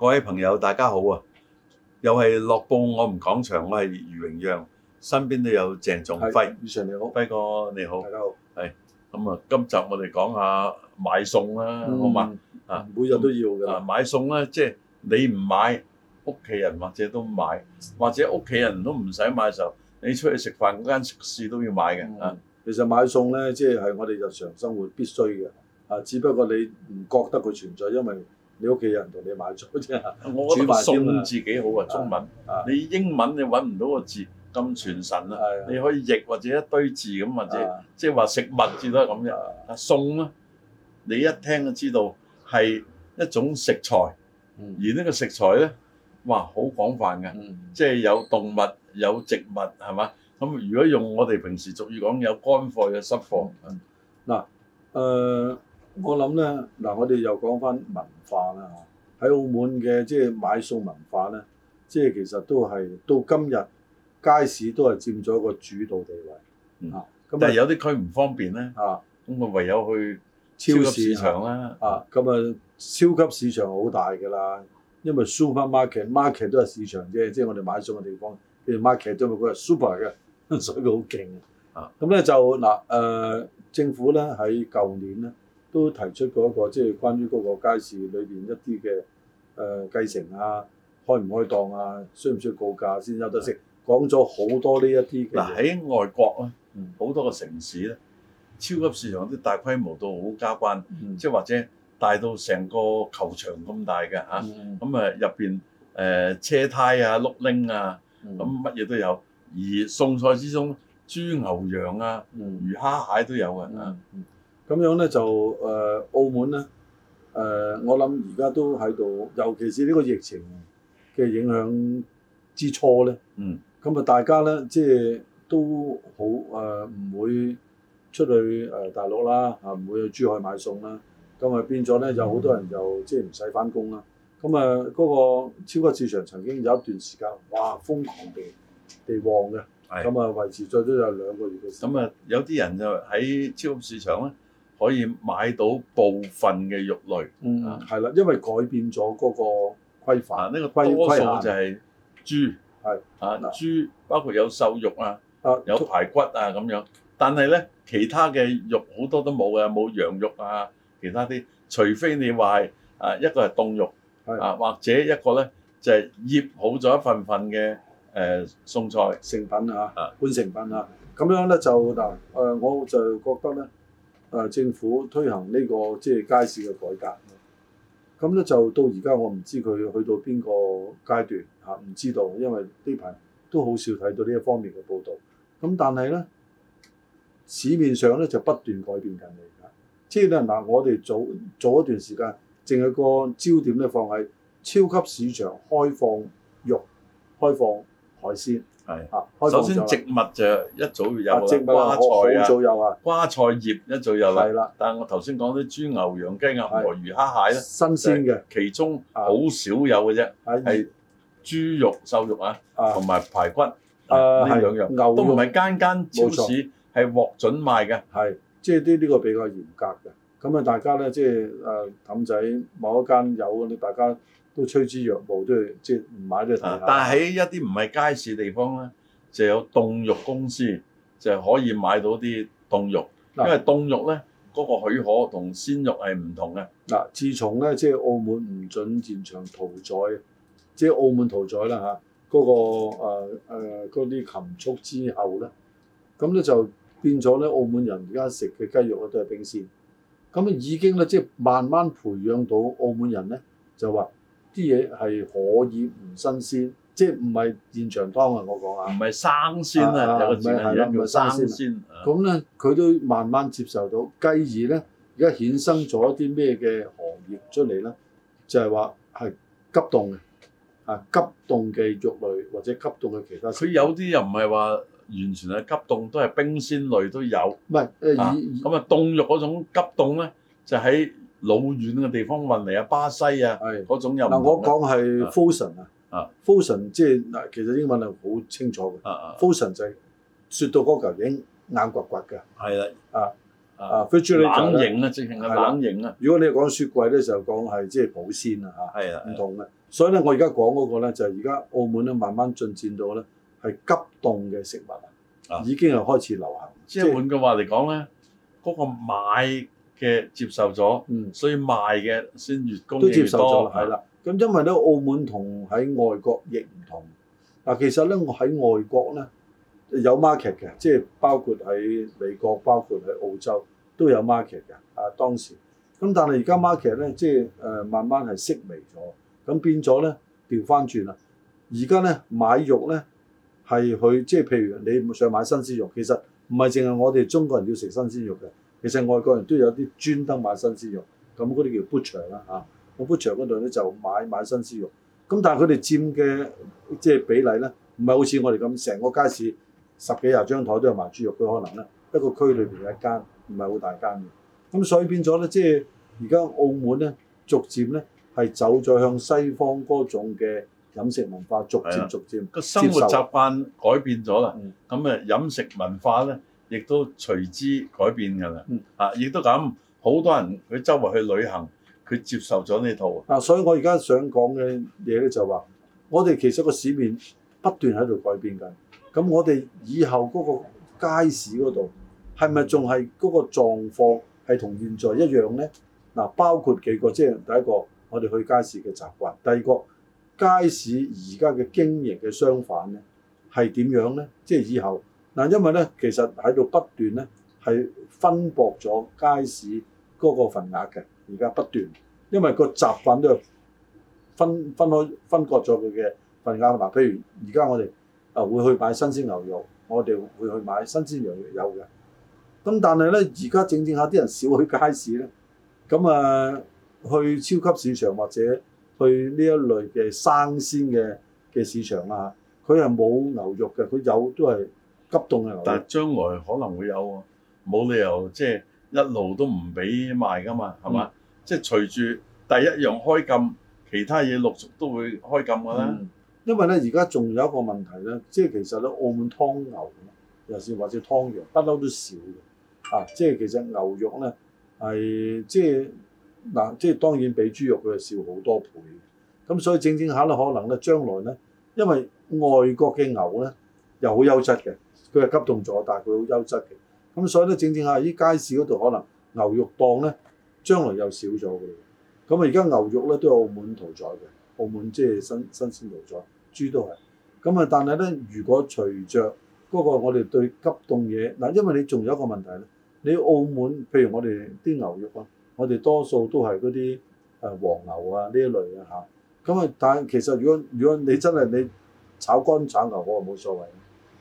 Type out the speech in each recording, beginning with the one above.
各位朋友，大家好啊！又係樂報我們講場，我係余榮陽，身邊都有鄭仲輝。餘常你好，輝哥你好，大家好。係咁啊，今集我哋講下買餸啦，好嘛？啊，每日都要㗎。買餸咧，即係你唔買，屋企人或者都買，或者屋企人都唔使買嘅時候，你出去食飯嗰間食肆都要買嘅。啊，其實買餸咧，即係係我哋日常生活必須嘅。啊，只不過你唔覺得佢存在，因為你屋企有人同你買咗啫，我覺得餸字幾好啊，中文。你英文你揾唔到個字咁傳神啦。你可以譯或者一堆字咁或者，即係話食物字都係咁樣。啊餸啊，你一聽就知道係一種食材。嗯。而呢個食材咧，哇，好廣泛㗎。嗯。即係有動物，有植物係嘛？咁如果用我哋平時俗語講，有乾貨嘅濕貨。嗱，誒。我諗咧嗱，我哋又講翻文化啦嚇。喺澳門嘅即係買餸文化咧，即係其實都係到今日街市都係佔咗個主導地位。嗯，咁啊但有啲區唔方便咧啊，咁我唯有去超市場啦啊。咁啊，超級市場好大㗎啦，因為 supermarket market 都係市場啫，即係我哋買餸嘅地方。譬如 market 都係佢係 super 嘅，所以佢好勁啊。咁咧、啊啊嗯、就嗱誒、呃呃，政府咧喺舊年咧。都提出過、那、一個即係關於嗰個街市裏邊一啲嘅誒繼承啊，開唔開檔啊，需唔需要告價先有得食？講咗好多呢一啲。嗱喺外國咧，好、嗯、多個城市咧，超級市場啲大規模到好交關，嗯、即係或者大到成個球場咁大嘅嚇，咁啊入邊誒車胎啊、碌拎啊，咁乜嘢都有，而餸菜之中豬牛羊啊、魚蝦蟹都有嘅啊。啊啊咁樣咧就誒、呃、澳門咧誒、呃，我諗而家都喺度，尤其是呢個疫情嘅影響之初咧，嗯，咁啊大家咧即係都好誒，呃、唔會出去誒大陸啦，啊唔會去珠海買餸啦，咁啊變咗咧有好多人就、嗯、即係唔使翻工啦，咁啊嗰個超級市場曾經有一段時間哇瘋狂地地旺嘅，係的，咁啊維持咗都有兩個月嘅，咁啊、嗯、有啲人就喺超級市場咧。可以買到部分嘅肉類，嗯，係啦，因為改變咗嗰個規範，呢個規規範就係豬，係啊豬，包括有瘦肉啊，有排骨啊咁樣。但係咧，其他嘅肉好多都冇啊，冇羊肉啊，其他啲，除非你話係啊一個係凍肉，啊或者一個咧就係醃好咗一份份嘅誒餸菜成品啊，半成品啊，咁樣咧就嗱誒，我就覺得咧。誒、啊、政府推行呢、這個即係街市嘅改革，咁、嗯、咧就到而家我唔知佢去到邊個階段嚇，唔、啊、知道，因為呢排都好少睇到呢一方面嘅報導。咁、嗯、但係呢，市面上呢就不斷改變緊你。即係咧嗱，我哋早早一段時間，淨係個焦點呢，放喺超級市場開放肉、開放海鮮。係啊，首先植物就一早有啦，瓜菜一早有啊，瓜菜葉一早有啦。係啦，但係我頭先講啲豬牛羊雞鴨鵝魚蝦蟹咧，新鮮嘅，其中好少有嘅啫，係豬肉瘦肉啊，同埋排骨啊呢兩樣，都唔係間間超市係獲准賣嘅，係即係啲呢個比較嚴格嘅。咁啊，大家咧即係誒氹仔某一間有，你大家。都趨之若鶩，都即係唔買啲嘢、啊。但係喺一啲唔係街市地方咧，就有凍肉公司就係可以買到啲凍肉，因為凍肉咧嗰、啊、個許可同鮮肉係唔同嘅嗱、啊。自從咧即係澳門唔準現場屠宰，即、就、係、是、澳門屠宰啦嚇嗰個誒嗰啲禽畜之後咧，咁咧就變咗咧澳門人而家食嘅雞肉咧都係冰鮮，咁已經咧即係慢慢培養到澳門人咧就話。啲嘢係可以唔新鮮，即係唔係現場湯啊！我講啊，唔係生鮮啊，有個字係一樣叫生鮮。咁咧，佢都慢慢接受到。繼而咧，而家衍生咗一啲咩嘅行業出嚟咧，就係話係急凍嘅，啊急凍嘅肉類或者急凍嘅其他。佢有啲又唔係話完全係急凍，都係冰鮮類都有。唔係，誒，咁啊，凍肉嗰種急凍咧，就喺老遠嘅地方運嚟啊，巴西啊，係嗰種又唔嗱，我講係 frozen 啊 frozen 即係嗱，其實英文係好清楚嘅 frozen 就係雪到嗰嚿已經硬刮刮嘅，係啦，啊啊，佢最冷型啊，正正嘅冷型啊，如果你講雪櫃咧，就講係即係保鮮啊，嚇，係啊，唔同嘅，所以咧，我而家講嗰個咧，就係而家澳門咧，慢慢進展到咧係急凍嘅食物啊，已經係開始流行，即係換句話嚟講咧，嗰個買，嘅接受咗，嗯、所以賣嘅先越供越多。都接受咗，係啦是。咁因為咧，澳門同喺外國亦唔同。嗱，其實咧，我喺外國咧有 market 嘅，即係包括喺美國，包括喺澳洲都有 market 嘅。啊，當時咁，但係而家 market 咧，即係誒、呃、慢慢係式微咗，咁變咗咧調翻轉啦。而家咧買肉咧係佢，即係譬如你想買新鮮肉，其實唔係淨係我哋中國人要食新鮮肉嘅。其實外國人都有啲專登買新鮮肉，咁嗰啲叫 butcher 啦嚇、啊，個 butcher 嗰度咧就買買新鮮肉。咁但係佢哋佔嘅即係比例咧，唔係好似我哋咁成個街市十幾廿張台都有賣豬肉，佢可能啦。一個區裏邊有一間，唔係好大間嘅。咁所以變咗咧，即係而家澳門咧，逐漸咧係走咗向西方嗰種嘅飲食文化，逐漸逐漸個生活習慣改變咗啦。咁啊，飲食文化咧。亦都隨之改變㗎啦，啊、嗯，亦都咁，好多人佢周圍去旅行，佢接受咗呢套。嗱、啊，所以我而家想講嘅嘢咧，就話我哋其實個市面不斷喺度改變緊。咁我哋以後嗰個街市嗰度係咪仲係嗰個狀況係同現在一樣咧？嗱、啊，包括幾個，即係第一個，我哋去街市嘅習慣；第二個，街市而家嘅經營嘅商販咧係點樣咧？即係以後。嗱，因為咧，其實喺度不斷咧係分薄咗街市嗰個份額嘅。而家不斷，因為個習慣都係分分開分割咗佢嘅份額啊。譬如而家我哋啊會去買新鮮牛肉，我哋會去買新鮮羊肉有嘅。咁但係咧，而家整整下啲人少去街市咧，咁啊去超級市場或者去呢一類嘅生鮮嘅嘅市場啊，佢係冇牛肉嘅，佢有都係。急凍嘅，但係將來可能會有喎，冇理由即係、就是、一路都唔俾賣㗎嘛，係嘛、嗯？即係隨住第一樣開禁，其他嘢陸續都會開禁㗎啦、嗯。因為咧，而家仲有一個問題咧，即係其實咧，澳門劏牛又係或者㓥羊，不嬲都少嘅。啊，即係其實牛肉咧係即係嗱，即係、啊、當然比豬肉佢係少好多倍。咁所以正正下咧，可能咧將來咧，因為外國嘅牛咧又好優質嘅。佢係急凍咗，但係佢好優質嘅。咁所以咧，正正下喺街市嗰度可能牛肉檔咧，將來又少咗嘅。咁啊，而家牛肉咧都有澳門屠宰嘅，澳門即係新新鮮屠宰，豬都係。咁啊，但係咧，如果隨着嗰個我哋對急凍嘢，嗱，因為你仲有一個問題咧，你澳門譬如我哋啲牛肉啊，我哋多數都係嗰啲誒黃牛啊呢一類嘅嚇。咁啊，但係其實如果如果你真係你炒乾炒牛，我冇所謂。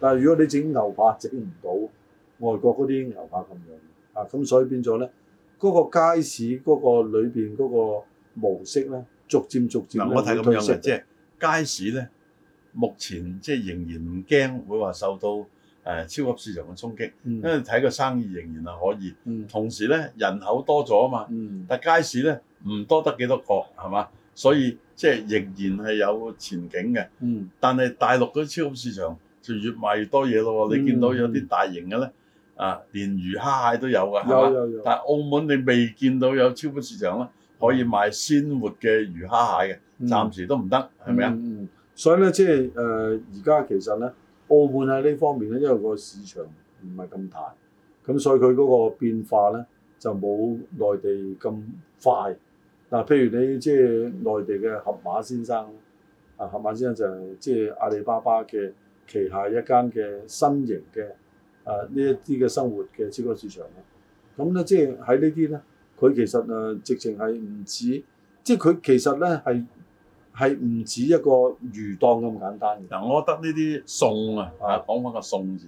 但係如果你整牛扒整唔到，外國嗰啲牛扒咁樣，啊咁所以變咗咧，嗰、嗰個街市嗰個裏邊嗰個模式咧，逐漸逐漸退色。我睇咁樣，即係街市咧，目前即係仍然唔驚會話受到誒、呃、超級市場嘅衝擊，嗯、因為睇個生意仍然係可以。同時咧，人口多咗啊嘛，但街市咧唔多得幾多個係嘛，所以即係仍然係有前景嘅。嗯，但係大陸嗰啲超級市場。就越賣越多嘢咯喎！你見到有啲大型嘅咧，啊，連魚蝦蟹都有嘅，係嘛有？吧但係澳門你未見到有超級市場咧，可以買鮮活嘅魚蝦蟹嘅，嗯、暫時都唔得，係咪啊？所以咧，即係誒，而家其實咧，澳門喺呢方面咧，因為個市場唔係咁大，咁所以佢嗰個變化咧就冇內地咁快。嗱、啊，譬如你即係、就是、內地嘅盒馬先生，啊，盒馬先生就係即係阿里巴巴嘅。旗下一間嘅新型嘅啊呢一啲嘅生活嘅超級市場啊，咁咧即係喺呢啲咧，佢其實啊直情係唔止，即係佢其實咧係係唔止一個魚檔咁簡單嘅。嗱，我覺得呢啲餸啊，啊講返個餸字，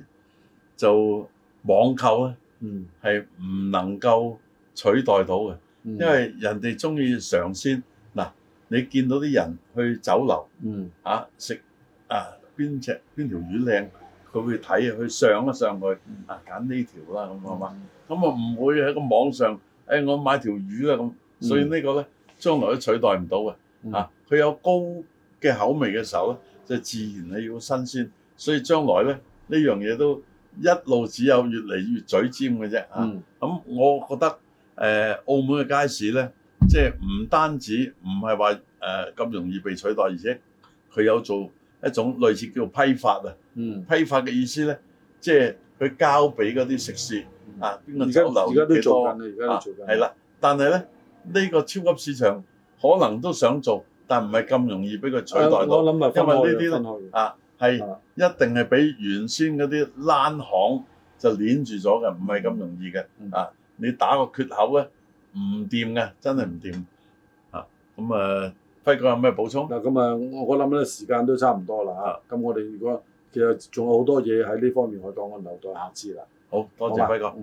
就網購咧，嗯，係唔能夠取代到嘅，因為人哋中意嘗鮮。嗱、啊，你見到啲人去酒樓，嗯，啊食啊～邊隻邊條魚靚，佢會睇啊，去上一上去啊，揀呢、嗯、條啦咁啊嘛，咁啊唔會喺個網上，誒、哎、我買條魚啦咁，所以個呢個咧將來都取代唔到嘅嚇。佢、嗯、有高嘅口味嘅時候咧，就自然係要新鮮，所以將來咧呢樣嘢都一路只有越嚟越嘴尖嘅啫嚇。咁、嗯啊、我覺得誒、呃、澳門嘅街市咧，即係唔單止唔係話誒咁容易被取代，而且佢有做。一種類似叫批發啊，嗯、批發嘅意思咧，即係佢交俾嗰啲食肆、嗯嗯、啊，邊個酒樓幾多？而家都在做緊啦，而家都在做緊。係啦、啊，但係咧呢、呢個超級市場可能都想做，但唔係咁容易俾佢取代到、啊。我諗因為呢啲啊，係的一定係俾原先嗰啲欄行就鏈住咗嘅，唔係咁容易嘅、嗯、啊。你打個缺口咧，唔掂嘅，真係唔掂啊。咁、嗯、啊～、嗯嗯嗯輝哥有咩補充？嗱，咁啊，我我諗咧，時間都差唔多啦嚇。咁的我哋如果其實仲有好多嘢喺呢方面可以講，我留待下次啦。好，多謝輝哥。